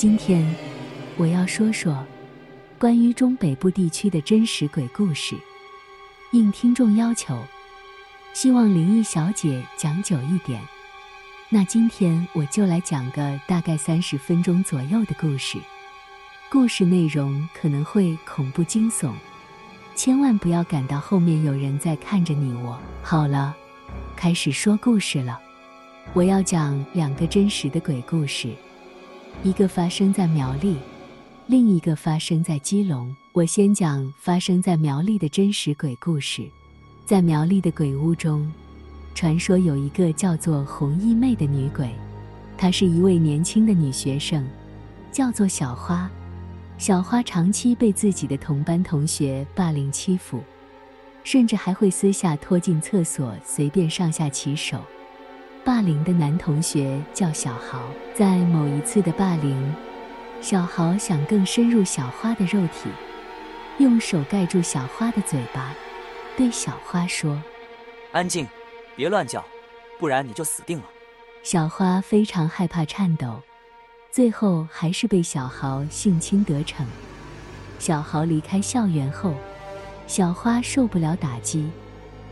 今天我要說說關於中北部地區的真實鬼故事。應聽眾要求，希望靈異小姐講久一點。那今天我就來講個大概三十分鐘左右的故事。故事內容可能會恐怖驚悚，千萬不要感到後面有人在看着你我。我好了，開始說故事了。我要講兩個真實的鬼故事。一個發生在苗栗，另一個發生在基隆。我先講發生在苗栗的真實鬼故事。在苗栗的鬼屋中，傳說有一個叫做紅衣妹的女鬼，她是一位年輕的女學生，叫做小花。小花長期被自己的同班同學霸凌欺負，甚至還會私下拖進廁所，隨便上下其手。霸凌的男同學叫小豪，在某一次的霸凌，小豪想更深入小花的肉體，用手蓋住小花的嘴巴，對小花說：“安靜，別亂叫，不然你就死定了。”小花非常害怕顫抖，最後還是被小豪性侵得逞。小豪離開校園後，小花受不了打擊，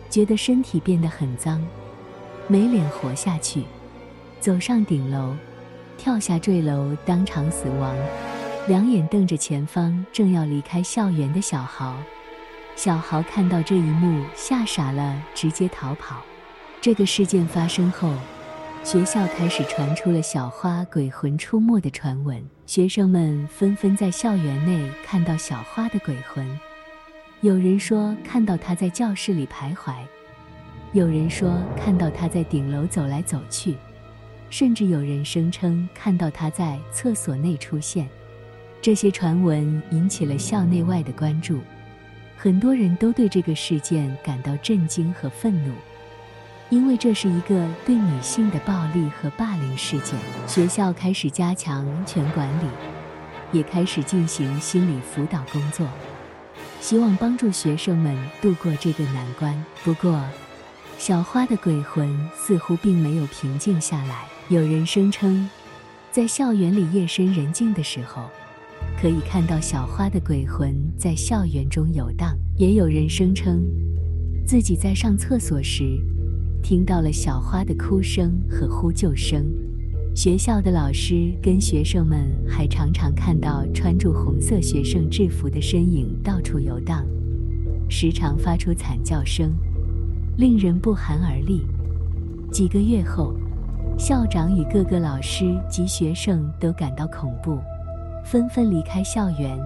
覺得身體變得很髒。沒臉活下去，走上頂樓，跳下墜樓，當場死亡。兩眼瞪着前方，正要離開校園的小豪，小豪看到這一幕嚇傻了，直接逃跑。這個事件發生後，學校開始傳出了小花鬼魂出沒的傳聞，學生們紛紛在校園內看到小花的鬼魂，有人說看到她在教室裡徘徊。有人說看到他在頂樓走來走去，甚至有人聲稱看到他在廁所內出現。這些傳聞引起了校內外的關注，很多人都對這個事件感到震驚和憤怒，因為這是一個對女性的暴力和霸凌事件。學校開始加強安全管理，也開始進行心理輔導工作，希望幫助學生們度過這個難關。不過，小花的鬼魂似乎並沒有平靜下來。有人聲稱，在校園裡夜深人靜的時候，可以看到小花的鬼魂在校園中遊蕩；也有人聲稱，自己在上廁所時聽到了小花的哭聲和呼救聲。學校的老師跟學生們還常常看到穿着紅色學生制服的身影到處遊蕩，時常發出慘叫聲。令人不寒而慄。幾個月後，校長與各個老師及學生都感到恐怖，紛紛離開校園。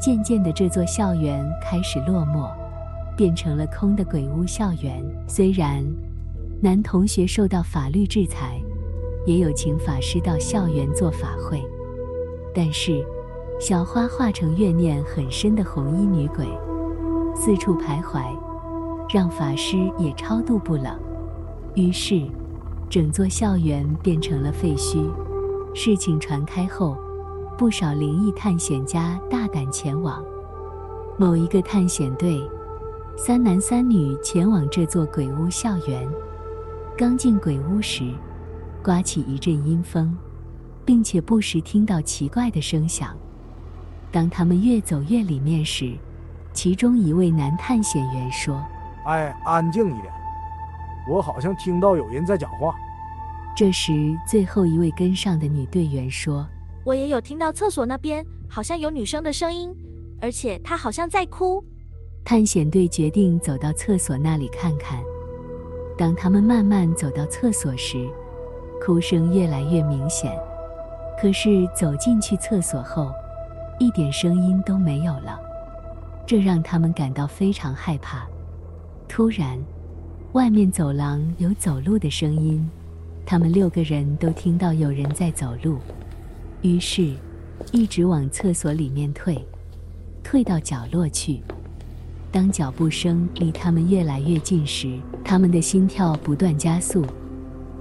漸漸的，這座校園開始落寞，變成了空的鬼屋校園。雖然男同學受到法律制裁，也有請法師到校園做法會，但是小花化成怨念很深的紅衣女鬼，四處徘徊，讓法師也超度不了，於是，整座校園變成了廢墟。事情傳開後，不少靈異探險家大膽前往。某一個探險隊，三男三女前往這座鬼屋校園。剛進鬼屋時，颳起一陣陰風，並且不時聽到奇怪的聲響。當他們越走越裡面時，其中一位男探險員說。哎，安靜一點！我好像聽到有人在講話。這時，最後一位跟上的女隊員說：“我也有聽到廁所那邊好像有女生的聲音，而且她好像在哭。”探險隊決定走到廁所那裡看看。當他們慢慢走到廁所時，哭聲越來越明顯。可是走進去廁所後，一點聲音都沒有了，這讓他們感到非常害怕。突然，外面走廊有走路的聲音，他們六個人都聽到有人在走路，於是，一直往廁所裡面退，退到角落去。當腳步聲離他們越來越近時，他們的心跳不斷加速，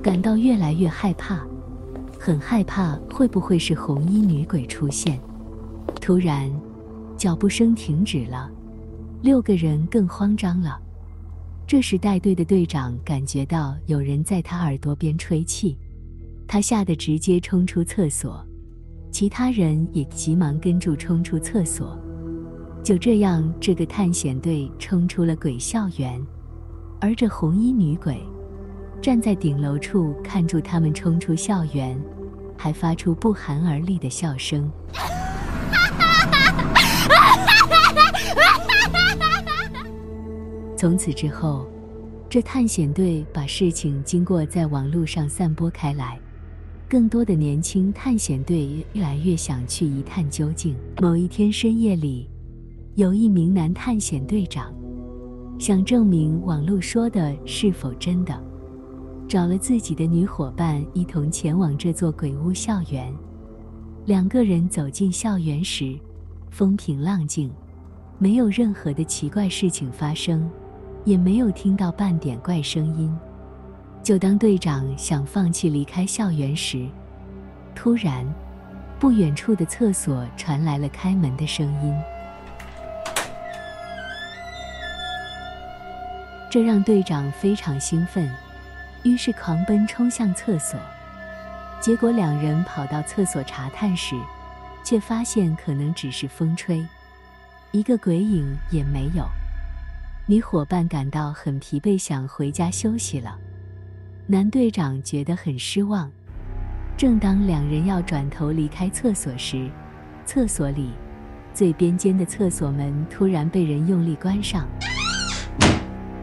感到越來越害怕，很害怕會不會是紅衣女鬼出現。突然，腳步聲停止了，六個人更慌張了。這時，帶隊的隊長感覺到有人在他耳朵邊吹氣，他嚇得直接衝出廁所，其他人也急忙跟住衝出廁所。就這樣，這個探險隊衝出了鬼校園，而這紅衣女鬼站在頂樓處看住他們衝出校園，還發出不寒而栗的笑聲。 從此之後，這探險隊把事情經過在網絡上散播開來，更多的年輕探險隊越來越想去一探究竟。某一天深夜裡，有一名男探險隊長想證明網絡說的是否真的，找了自己的女夥伴一同前往這座鬼屋校園。兩個人走進校園時，風平浪靜，沒有任何的奇怪事情發生。也沒有聽到半點怪聲音，就當隊長想放棄離開校園時，突然，不遠處的廁所傳來了開門的聲音，這讓隊長非常興奮，於是狂奔衝向廁所，結果兩人跑到廁所查探時，卻發現可能只是風吹，一個鬼影也沒有。女夥伴感到很疲憊，想回家休息了。男隊長覺得很失望。正當兩人要轉頭離開廁所時，廁所裡最邊間的廁所門突然被人用力關上，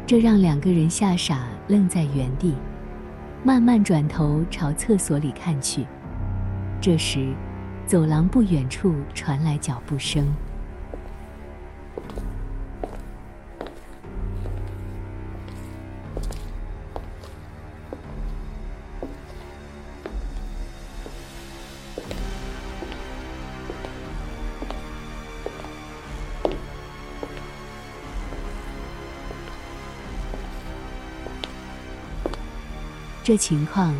這讓兩個人嚇傻，愣在原地。慢慢轉頭朝廁所裡看去，這時走廊不遠處傳來腳步聲。這情況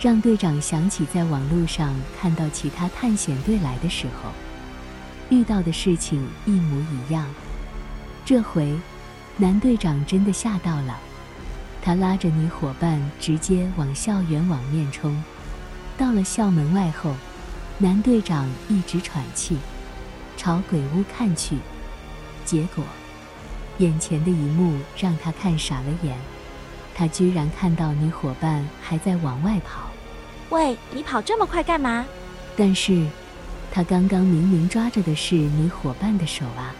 讓隊長想起在網絡上看到其他探險隊來的時候遇到的事情一模一樣。這回男隊長真的嚇到了，他拉着女夥伴直接往校園網面衝。到了校門外後，男隊長一直喘氣，朝鬼屋看去。結果，眼前的一幕讓他看傻了眼。他居然看到女夥伴還在往外跑，喂，你跑這麼快幹嘛？但是，他剛剛明明抓着的是女夥伴的手啊！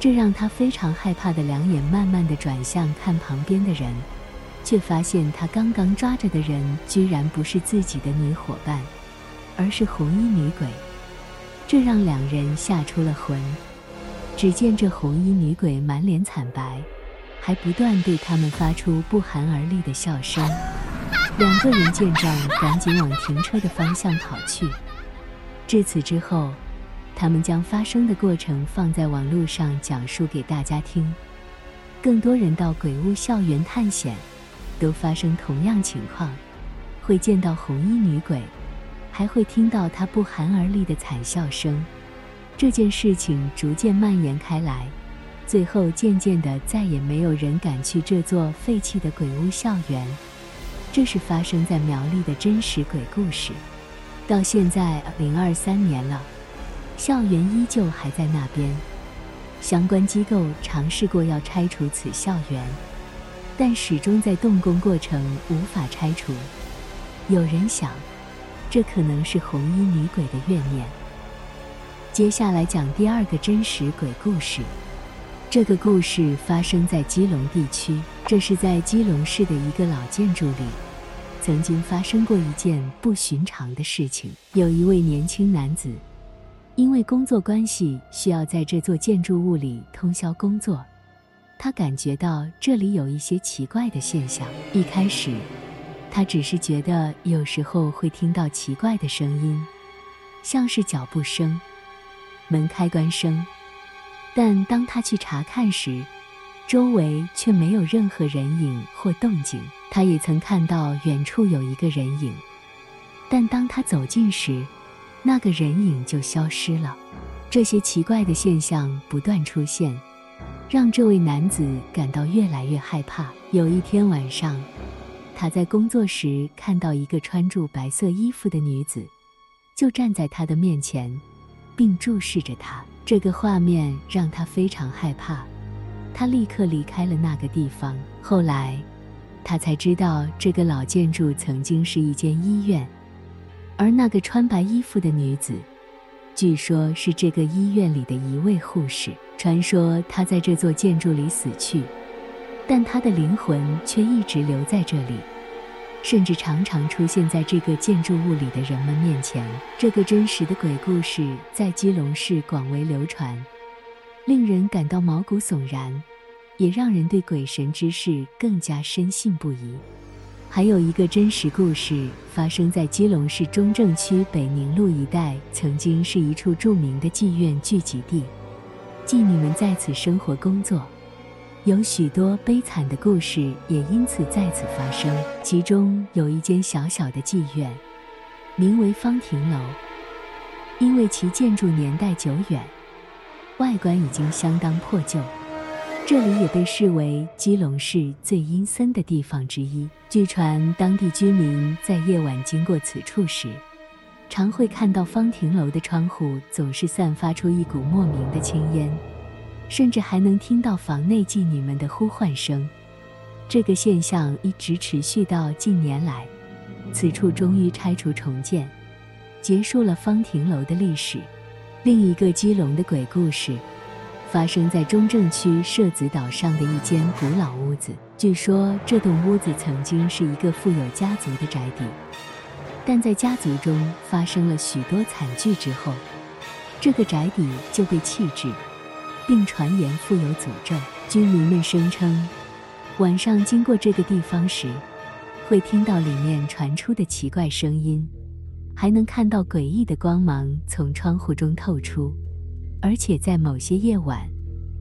這讓他非常害怕的兩眼慢慢的轉向看旁邊的人，卻發現他剛剛抓着的人居然不是自己的女夥伴，而是紅衣女鬼，這讓兩人嚇出了魂。只見這紅衣女鬼滿臉慘白。還不斷對他們發出不寒而慄的笑聲。兩個人見狀，趕緊往停車的方向跑去。至此之後，他們將發生的過程放在網絡上講述給大家聽。更多人到鬼屋校園探險，都發生同樣情況，會見到紅衣女鬼，還會聽到她不寒而慄的慘笑聲。這件事情逐漸蔓延開來。最後，漸漸的，再也沒有人敢去這座廢棄的鬼屋校園。這是發生在苗栗的真實鬼故事。到現在二零二三年了，校園依舊還在那邊。相關機構嘗試過要拆除此校園，但始終在動工過程無法拆除。有人想，這可能是紅衣女鬼的怨念。接下來講第二個真實鬼故事。這個故事發生在基隆地區，這是在基隆市的一個老建築裡，曾經發生過一件不尋常的事情。有一位年輕男子，因為工作關係需要在這座建築物裡通宵工作，他感覺到這裡有一些奇怪的現象。一開始，他只是覺得有時候會聽到奇怪的聲音，像是腳步聲、門開關聲。但當他去查看時，周圍卻沒有任何人影或動靜。他也曾看到遠處有一個人影，但當他走近時，那個人影就消失了。這些奇怪的現象不斷出現，讓這位男子感到越來越害怕。有一天晚上，他在工作時看到一個穿着白色衣服的女子，就站在他的面前，並注視着他。這個畫面讓他非常害怕，他立刻離開了那個地方。後來，他才知道這個老建築曾經是一間醫院，而那個穿白衣服的女子，據說是這個醫院裡的一位護士，傳說她在這座建築裡死去，但她的靈魂卻一直留在這裡。甚至常常出現在這個建築物裡的人們面前。這個真實的鬼故事在基隆市廣為流傳，令人感到毛骨悚然，也讓人對鬼神之事更加深信不疑。還有一個真實故事發生在基隆市中正區北寧路一帶，曾經是一處著名的妓院聚集地，妓女們在此生活工作。有許多悲慘的故事也因此再次發生。其中有一間小小的妓院，名為方亭樓，因為其建築年代久遠，外觀已經相當破舊，這裡也被視為基隆市最陰森的地方之一。據傳，當地居民在夜晚經過此處時，常會看到方亭樓的窗戶總是散發出一股莫名的青煙。甚至還能聽到房內妓女們的呼喚聲，這個現象一直持續到近年來，此處終於拆除重建，結束了方亭樓的歷史。另一個基隆的鬼故事，發生在中正區社子島上的一間古老屋子。據說這棟屋子曾經是一個富有家族的宅邸，但在家族中發生了許多慘劇之後，這個宅邸就被棄置。並傳言附有詛咒。居民們聲稱，晚上經過這個地方時，會聽到裡面傳出的奇怪聲音，還能看到詭異的光芒從窗戶中透出，而且在某些夜晚，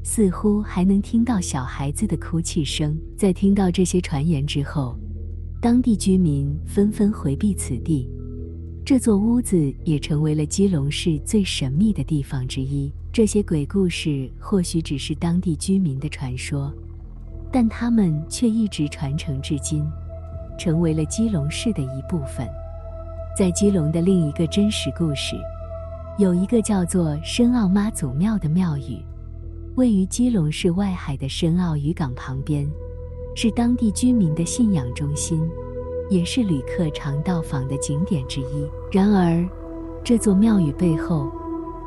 似乎還能聽到小孩子的哭泣聲。在聽到這些傳言之後，當地居民紛紛回避此地，這座屋子也成為了基隆市最神秘的地方之一。這些鬼故事或許只是當地居民的傳說，但他們卻一直傳承至今，成為了基隆市的一部分。在基隆的另一個真實故事，有一個叫做深澳媽祖廟的廟宇，位於基隆市外海的深澳漁港旁邊，是當地居民的信仰中心，也是旅客常到訪的景點之一。然而，這座廟宇背後，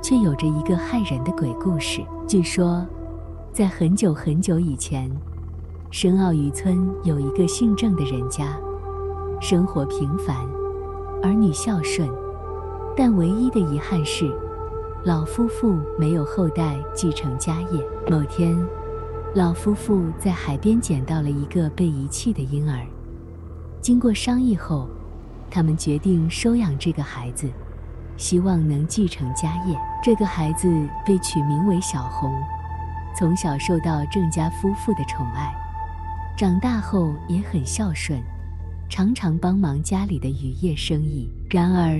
卻有着一個駭人的鬼故事。據說，在很久很久以前，深澳漁村有一個姓鄭的人家，生活平凡，兒女孝順，但唯一的遺憾是，老夫婦沒有後代繼承家業。某天，老夫婦在海邊撿到了一個被遺棄的嬰兒。經過商議後，他們決定收養這個孩子。希望能繼承家業，這個孩子被取名為小紅，從小受到鄭家夫婦的寵愛，長大後也很孝順，常常幫忙家裡的漁業生意。然而，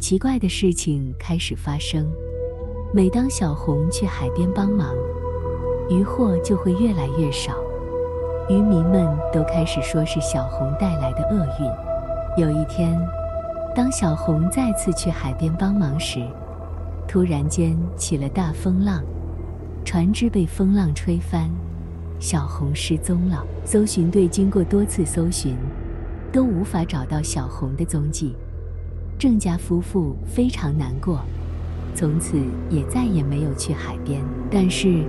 奇怪的事情開始發生，每當小紅去海邊幫忙，漁獲就會越來越少，漁民們都開始說是小紅帶來的厄運。有一天，當小紅再次去海邊幫忙時，突然間起了大風浪，船隻被風浪吹翻，小紅失蹤了。搜尋隊經過多次搜尋，都無法找到小紅的蹤跡。鄭家夫婦非常難過，從此也再也沒有去海邊。但是，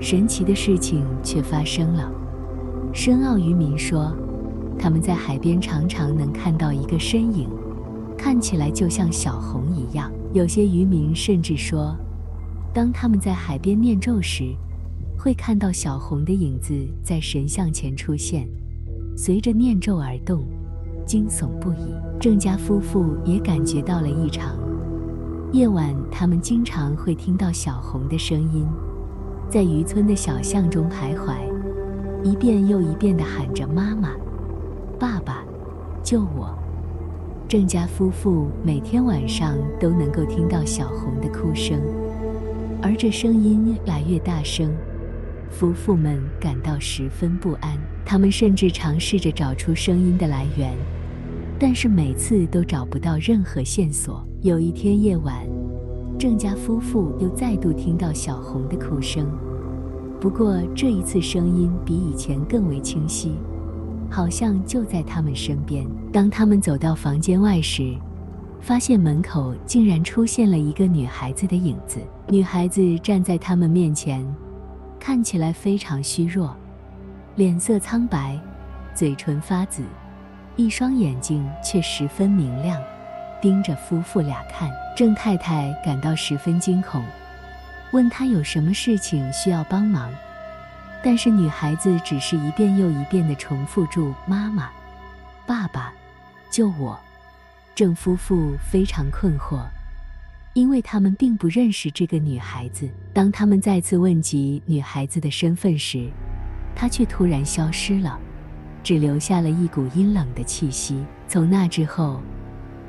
神奇的事情卻發生了。深澳漁民說，他們在海邊常常能看到一個身影。看起來就像小紅一樣。有些漁民甚至說，當他們在海邊念咒時，會看到小紅的影子在神像前出現，隨着念咒而動，驚悚不已。鄭家夫婦也感覺到了異常。夜晚，他們經常會聽到小紅的聲音，在漁村的小巷中徘徊，一遍又一遍地喊着“媽媽，爸爸，救我”。鄭家夫婦每天晚上都能夠聽到小紅的哭聲，而這聲音越來越大聲，夫婦們感到十分不安。他們甚至嘗試着找出聲音的來源，但是每次都找不到任何線索。有一天夜晚，鄭家夫婦又再度聽到小紅的哭聲，不過這一次聲音比以前更為清晰。好像就在他們身邊。當他們走到房間外時，發現門口竟然出現了一個女孩子的影子。女孩子站在他們面前，看起來非常虛弱，臉色蒼白，嘴唇發紫，一雙眼睛卻十分明亮，盯着夫婦倆看。鄭太太感到十分驚恐，問她有什麼事情需要幫忙。但是女孩子只是一遍又一遍地重複住“媽媽，爸爸，救我！”鄭夫婦非常困惑，因為他們並不認識這個女孩子。當他們再次問及女孩子的身份時，她卻突然消失了，只留下了一股陰冷的氣息。從那之後，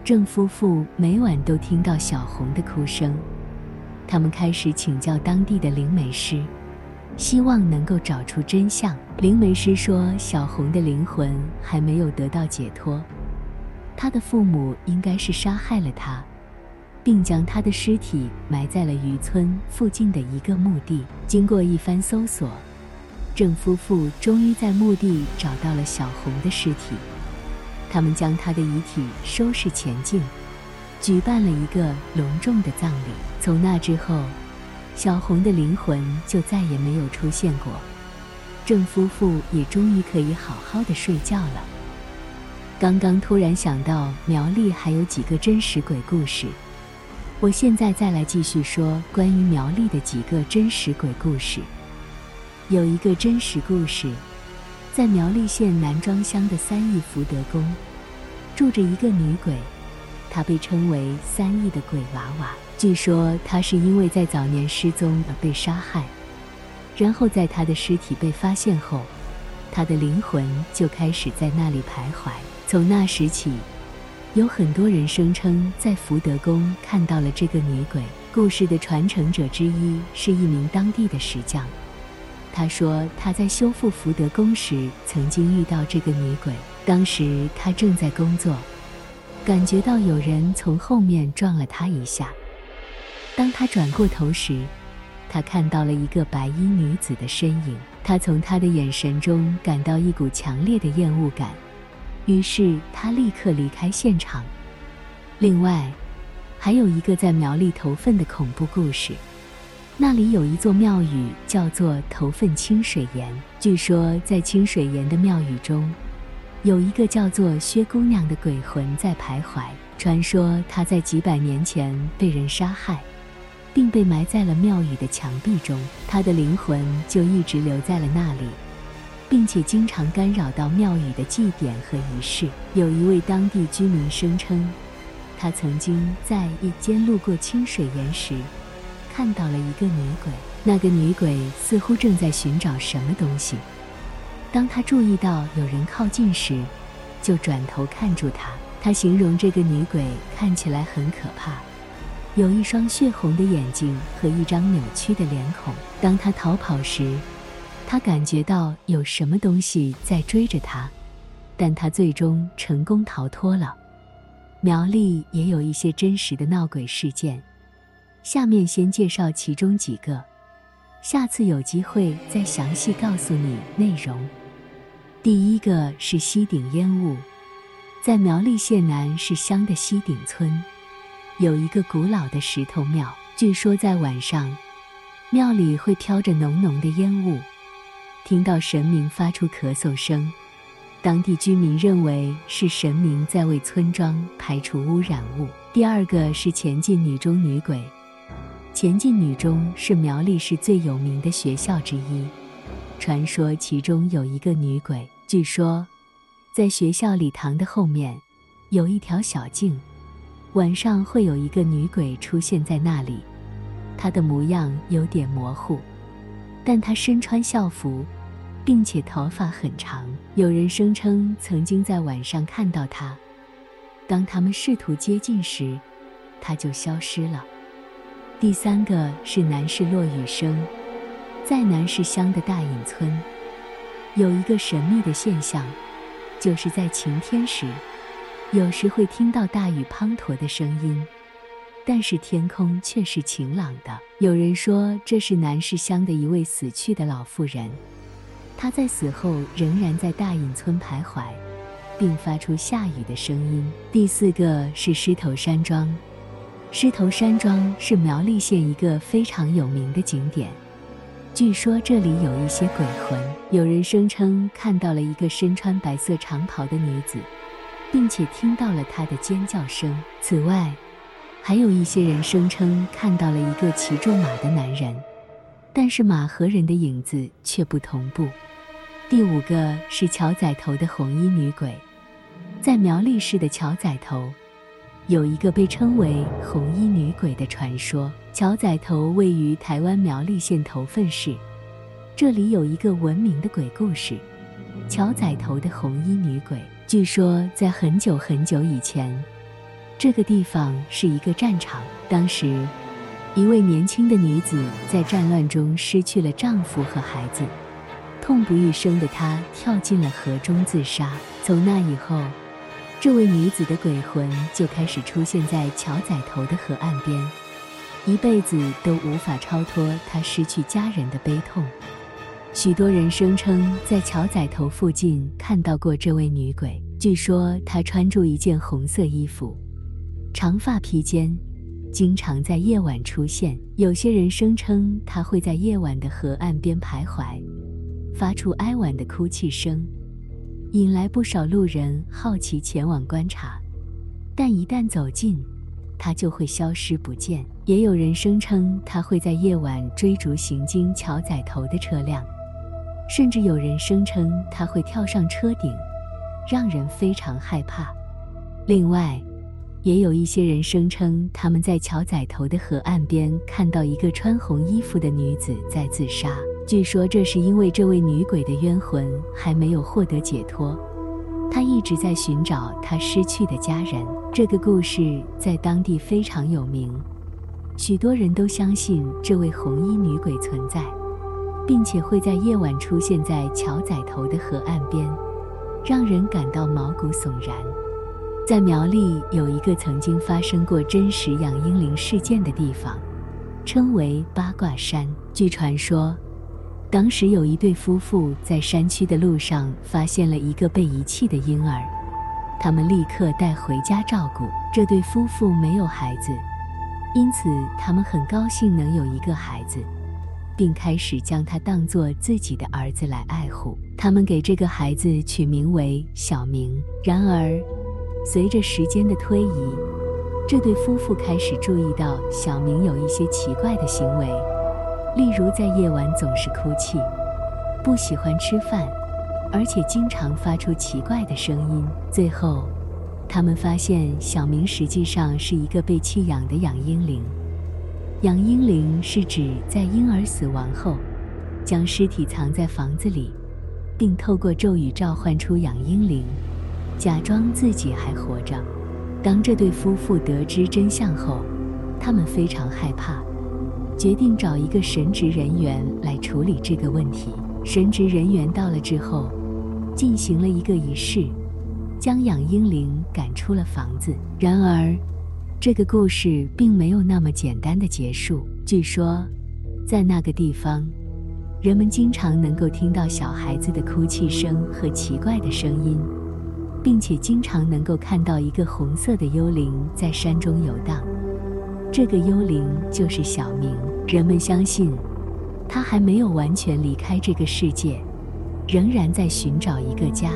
鄭夫婦每晚都聽到小紅的哭聲，他們開始請教當地的靈媒師。希望能夠找出真相。靈媒師說，小紅的靈魂還沒有得到解脫，她的父母應該是殺害了她，並將她的屍體埋在了漁村附近的一個墓地。經過一番搜索，鄭夫婦終於在墓地找到了小紅的屍體。他們將她的遺體收拾前進，舉辦了一個隆重的葬禮。從那之後，小紅的靈魂就再也沒有出現過，鄭夫婦也終於可以好好的睡覺了。剛剛突然想到苗栗還有幾個真實鬼故事，我現在再來繼續說關於苗栗的幾個真實鬼故事。有一個真實故事，在苗栗縣南莊鄉的三義福德宮，住着一個女鬼。她被稱為“三義”的鬼娃娃。據說她是因為在早年失蹤而被殺害，然後在她的屍體被發現後，她的靈魂就開始在那裡徘徊。從那時起，有很多人聲稱在福德宮看到了這個女鬼。故事的傳承者之一是一名當地的石匠，他說他在修復福德宮時曾經遇到這個女鬼，當時他正在工作。感覺到有人從後面撞了他一下。當他轉過頭時，他看到了一個白衣女子的身影。他從她的眼神中感到一股強烈的厭惡感，於是他立刻離開現場。另外，還有一個在苗栗頭份的恐怖故事。那裡有一座廟宇，叫做頭份清水岩。據說在清水岩的廟宇中，有一個叫做薛姑娘的鬼魂在徘徊。傳說她在幾百年前被人殺害，並被埋在了廟宇的牆壁中，她的靈魂就一直留在了那裡，並且經常干擾到廟宇的祭典和儀式。有一位當地居民聲稱，他曾經在一間路過清水岩時，看到了一個女鬼。那個女鬼似乎正在尋找什麼東西。當他注意到有人靠近時，就轉頭看住他。他形容這個女鬼看起來很可怕，有一雙血紅的眼睛和一張扭曲的臉孔。當他逃跑時，他感覺到有什麼東西在追着他，但他最終成功逃脫了。苗栗也有一些真實的鬧鬼事件，下面先介紹其中幾個，下次有機會再詳細告訴你內容。第一個是西頂煙霧，在苗栗縣南市鄉的西頂村，有一個古老的石頭廟，據說在晚上，廟裡會飄着濃濃的煙霧，聽到神明發出咳嗽聲，當地居民認為是神明在為村莊排除污染物。第二個是前進女中女鬼，前進女中是苗栗市最有名的學校之一，傳說其中有一個女鬼。據說，在學校禮堂的後面，有一條小徑，晚上會有一個女鬼出現在那裡。她的模樣有點模糊，但她身穿校服，並且頭髮很長。有人聲稱曾經在晚上看到她，當他們試圖接近時，她就消失了。第三個是南莊落雨聲，在南莊鄉的大隘村，有一個神秘的現象，就是在晴天時，有時會聽到大雨滂沱的聲音，但是天空卻是晴朗的。有人說，這是南市鄉的一位死去的老婦人，她在死後仍然在大隱村徘徊，並發出下雨的聲音。第四個是獅頭山莊，獅頭山莊是苗栗縣一個非常有名的景點。據說這裡有一些鬼魂，有人聲稱看到了一個身穿白色長袍的女子，並且聽到了她的尖叫聲。此外，還有一些人聲稱看到了一個騎着馬的男人，但是馬和人的影子卻不同步。第五個是橋仔頭的紅衣女鬼，在苗栗市的橋仔頭。有一個被稱為“紅衣女鬼”的傳說。橋仔頭位於臺灣苗栗縣頭份市，這裡有一個聞名的鬼故事——橋仔頭的紅衣女鬼。據說在很久很久以前，這個地方是一個戰場。當時，一位年輕的女子在戰亂中失去了丈夫和孩子，痛不欲生的她跳進了河中自殺。從那以後，這位女子的鬼魂就開始出現在橋仔頭的河岸邊，一輩子都無法超脫她失去家人的悲痛。許多人聲稱在橋仔頭附近看到過這位女鬼，據說她穿着一件紅色衣服，長髮披肩，經常在夜晚出現。有些人聲稱她會在夜晚的河岸邊徘徊，發出哀婉的哭泣聲。引來不少路人好奇前往觀察，但一旦走近，它就會消失不見。也有人聲稱它會在夜晚追逐行經橋仔頭的車輛，甚至有人聲稱它會跳上車頂，讓人非常害怕。另外，也有一些人聲稱，他們在橋仔頭的河岸邊看到一個穿紅衣服的女子在自殺。據說，這是因為這位女鬼的冤魂還沒有獲得解脫，她一直在尋找她失去的家人。這個故事在當地非常有名，許多人都相信這位紅衣女鬼存在，並且會在夜晚出現在橋仔頭的河岸邊，讓人感到毛骨悚然。在苗栗有一個曾經發生過真實養嬰靈事件的地方，稱為八卦山。據傳說，當時有一對夫婦在山區的路上發現了一個被遺棄的嬰兒，他們立刻帶回家照顧。這對夫婦沒有孩子，因此他們很高興能有一個孩子，並開始將他當作自己的兒子來愛護。他們給這個孩子取名為小明。然而，隨着時間的推移，這對夫婦開始注意到小明有一些奇怪的行為，例如在夜晚總是哭泣，不喜歡吃飯，而且經常發出奇怪的聲音。最後，他們發現小明實際上是一個被棄養的養嬰靈。養嬰靈是指在嬰兒死亡後，將屍體藏在房子裡，並透過咒語召喚出養嬰靈。假裝自己還活着。當這對夫婦得知真相後，他們非常害怕，決定找一個神職人員來處理這個問題。神職人員到了之後，進行了一個儀式，將養嬰靈趕出了房子。然而，這個故事並沒有那麼簡單的結束。據說，在那個地方，人們經常能夠聽到小孩子的哭泣聲和奇怪的聲音。並且經常能夠看到一個紅色的幽靈在山中遊蕩，這個幽靈就是小明。人們相信，他還沒有完全離開這個世界，仍然在尋找一個家。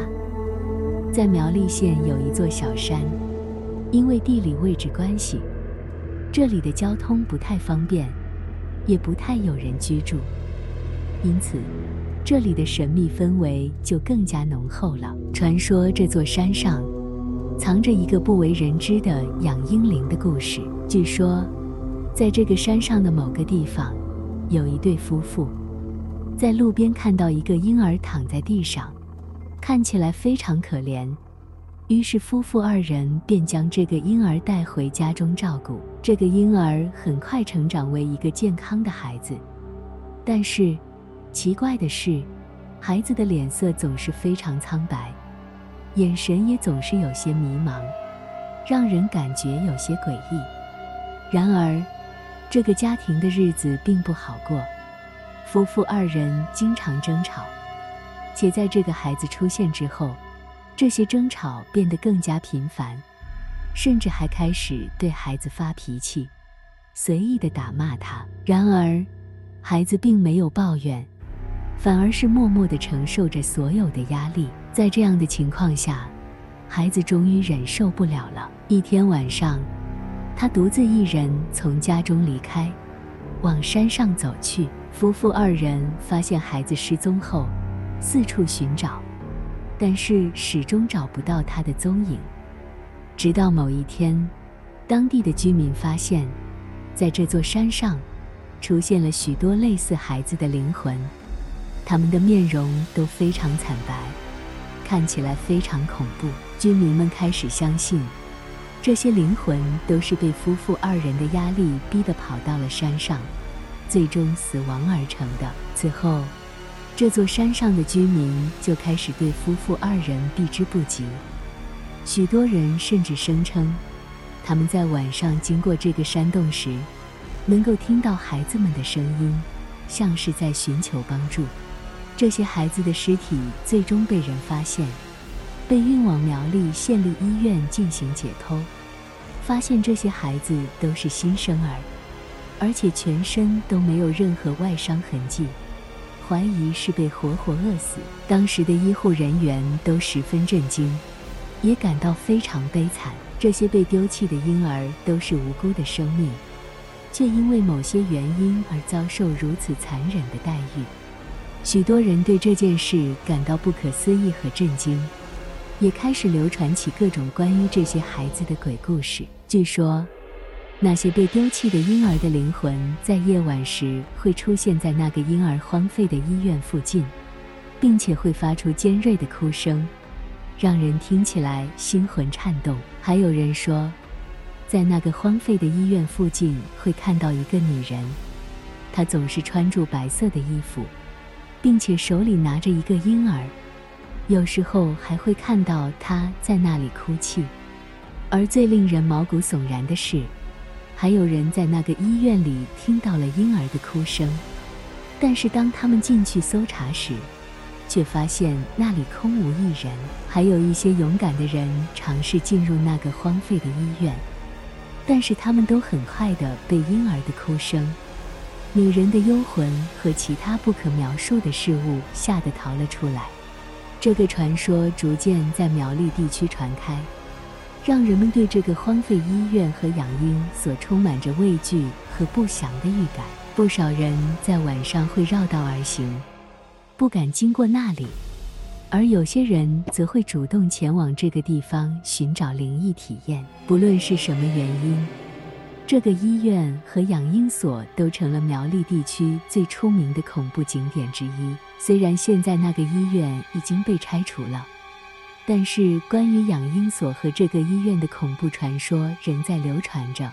在苗栗縣有一座小山，因為地理位置關係，這裡的交通不太方便，也不太有人居住，因此。這裡的神秘氛圍就更加濃厚了。傳說這座山上藏着一個不為人知的養嬰靈的故事。據說，在這個山上的某個地方，有一對夫婦在路邊看到一個嬰兒躺在地上，看起來非常可憐。於是夫婦二人便將這個嬰兒帶回家中照顧。這個嬰兒很快成長為一個健康的孩子，但是。奇怪的是，孩子的臉色總是非常蒼白，眼神也總是有些迷茫，讓人感覺有些詭異。然而，這個家庭的日子並不好過，夫婦二人經常爭吵，且在這個孩子出現之後，這些爭吵變得更加頻繁，甚至還開始對孩子發脾氣，隨意的打罵他。然而，孩子並沒有抱怨。反而是默默地承受着所有的壓力，在這樣的情況下，孩子終於忍受不了了。一天晚上，他獨自一人從家中離開，往山上走去。夫婦二人發現孩子失蹤後，四處尋找，但是始終找不到他的蹤影。直到某一天，當地的居民發現，在這座山上出現了許多類似孩子的靈魂。他們的面容都非常慘白，看起來非常恐怖。居民們開始相信，這些靈魂都是被夫婦二人的壓力逼得跑到了山上，最終死亡而成的。此後，這座山上的居民就開始對夫婦二人避之不及。許多人甚至聲稱，他們在晚上經過這個山洞時，能夠聽到孩子們的聲音，像是在尋求幫助。這些孩子的屍體最終被人發現，被運往苗栗縣立醫院進行解剖，發現這些孩子都是新生兒，而且全身都沒有任何外傷痕跡，懷疑是被活活餓死。當時的醫護人員都十分震驚，也感到非常悲慘。這些被丟棄的嬰兒都是無辜的生命，卻因為某些原因而遭受如此殘忍的待遇。許多人對這件事感到不可思議和震驚，也開始流傳起各種關於這些孩子的鬼故事。據說，那些被丟棄的嬰兒的靈魂在夜晚時會出現在那個嬰兒荒廢的醫院附近，並且會發出尖銳的哭聲，讓人聽起來心魂顫動。還有人說，在那個荒廢的醫院附近會看到一個女人，她總是穿着白色的衣服。並且手裡拿着一個嬰兒，有時候還會看到他在那裡哭泣。而最令人毛骨悚然的是，還有人在那個醫院裡聽到了嬰兒的哭聲。但是當他們進去搜查時，卻發現那裡空無一人。還有一些勇敢的人嘗試進入那個荒廢的醫院，但是他們都很快的被嬰兒的哭聲、女人的幽魂和其他不可描述的事物嚇得逃了出來。這個傳說逐漸在苗栗地區傳開，讓人們對這個荒廢醫院和養鷹所充滿着畏懼和不祥的預感。不少人在晚上會繞道而行，不敢經過那裡；而有些人則會主動前往這個地方尋找靈異體驗。不論是什麼原因。這個醫院和養嬰所都成了苗栗地區最出名的恐怖景點之一。雖然現在那個醫院已經被拆除了，但是關於養嬰所和這個醫院的恐怖傳說仍在流傳着，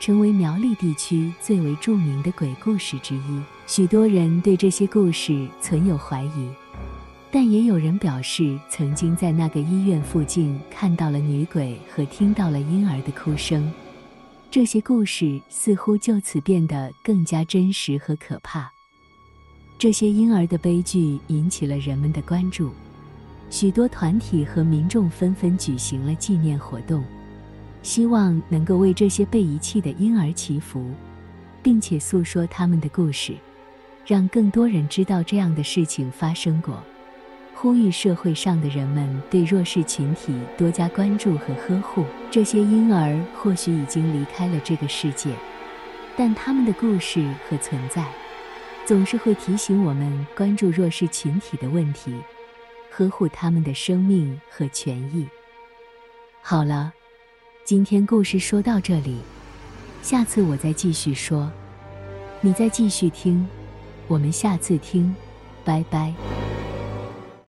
成為苗栗地區最為著名的鬼故事之一。許多人對這些故事存有懷疑，但也有人表示曾經在那個醫院附近看到了女鬼和聽到了嬰兒的哭聲。這些故事似乎就此變得更加真實和可怕。這些嬰兒的悲劇引起了人們的關注，許多團體和民眾紛紛舉行了紀念活動，希望能夠為這些被遺棄的嬰兒祈福，並且訴說他們的故事，讓更多人知道這樣的事情發生過。呼籲社會上的人們對弱勢群體多加關注和呵護。這些嬰兒或許已經離開了這個世界，但他們的故事和存在，總是會提醒我們關注弱勢群體的問題，呵護他們的生命和權益。好了，今天故事說到這裡，下次我再繼續說，你再繼續聽，我們下次聽，拜拜。